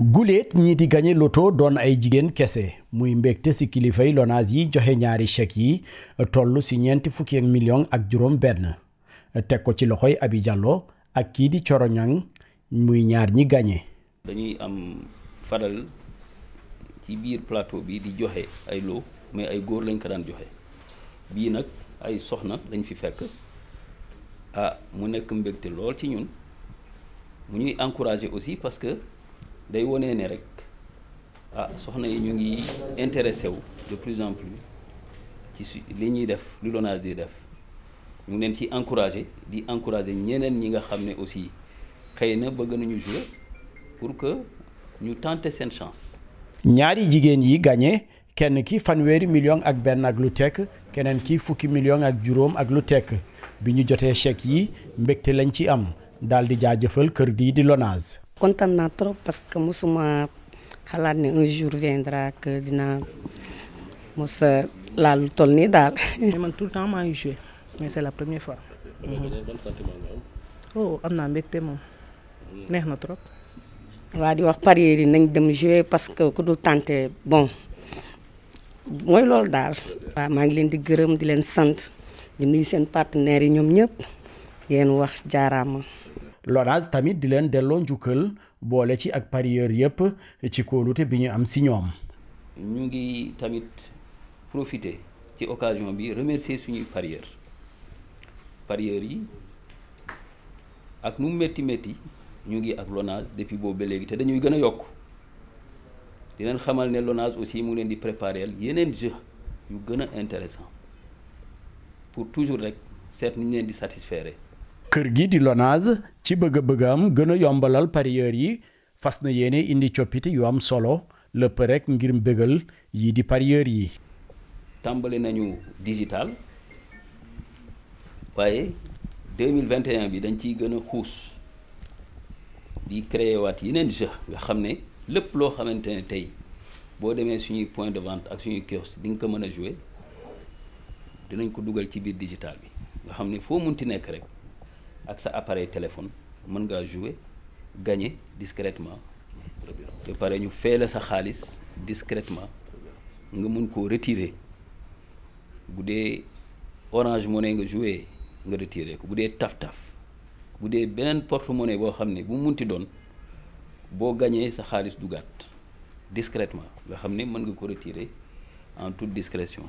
guléet ñii di gagné loto doon ay jigéen kese muy mbégte si kilifay LONASE yi joxe ñaari chèque yi toll si ñeenti fukki ak million ak juróom benn teg ko ci loxoy Abi Diallo ak kii di coroñang muy ñaar ñi gagné. dañuy am fadal ci biir plateau bi di joxe ay loo mais ay góor lañ ko daan joxe bii nag ay soxna dañ fi fekk ah mu nekk mbégte lool ci ñun mu ñuy encouragé aussi parce que. day woné né rek ah soxna yi ñu ngi intéressé wu de plus en plus ci li ñuy def lu LONASE di def ñu ngi leen ci encourager di encourager ñeneen ñi nga xamné ne aussi xeyna na bëgg nañu jouer pour que ñu tenter seen chance. ñaari jigéen yi gagné kenn ki fanwéri million ak benn ak lu tekk keneen ki fukki million ak juróom ak lu tekk bi ñu jotee chèque yi mbégte lañ ci am daal di jaajëfal kër di di LONASE. kontaan naa trop parce que mosuma xalaat ne un jour viendra que dina mos a lu toll nii daal. ma tout le temps maa ngi joué mais c'est la première fois. Mhm. oh am naa mbégte moom neex na trop. waa di wax parieur yi nañ dem jouer parce que ku dul tenter bon mooy loolu daal. waaw maa ngi leen di gërëm di leen sant di nuyu seen partenaires yi ñoom ñëpp yéen wax jaaraama. Lonase tamit di leen delloo njukkal boole ci ak parieur yépp ci kóolute bi ñu am si ñoom. ñu ngi tamit profiter ci occasion bi remercier suñuy parieur parieur yi ak nu métti métti ñu ngi ak Lonase depuis boobu ba léegi te dañuy gën a yokk di leen xamal ne Lonase aussi mu ngi leen di préparer yeneen jeu yu gën a intéressant pour toujours rek seet ni ñu leen di satisfaire. kër gi di Lonase ci bëgg-bëggam gën a yombalal parieur yi fas na yenee indi coppite yu am solo lépp rek ngir mbégal yi di parieur yi. tàmbali nañu digital waaye 2021 bi dañ ciy gën a xuus di créer waat yeneen jeu nga xam ne lépp loo xamante ne tey boo demee suñuy point de vente ak suñuy kiosque di nga ko mën a jouer dinañ ko dugal ci biir digital bi nga xam ne foo munti nekk rek. ak sa appareil téléphone mën ngaa jouer gagner discrètement ba pare ñu fay sa xaalis discrètement nga mën koo retirer bu dee orange monnaie nga jouer nga retirer ko bu dee taf-taf bu dee beneen porte monnaie boo xam ne bu munti doon boo gañee sa xaalis dugaat discrètement nga xam ne mën nga ko retirer en toute discrétion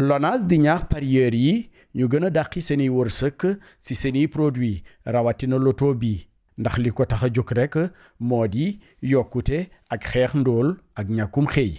LONASE di ñaax parieurs yi ñu gën a dàqi seen i wërsëg ci seen i produits rawatina loto bi ndax li ko tax a jóg rekk moo di yokkute ak xeex ndóol ak ñàkkum xëy.